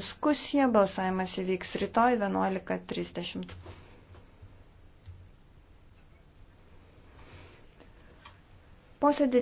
Diskusija balsavimas įvyks rytoj 11.30. Posėdį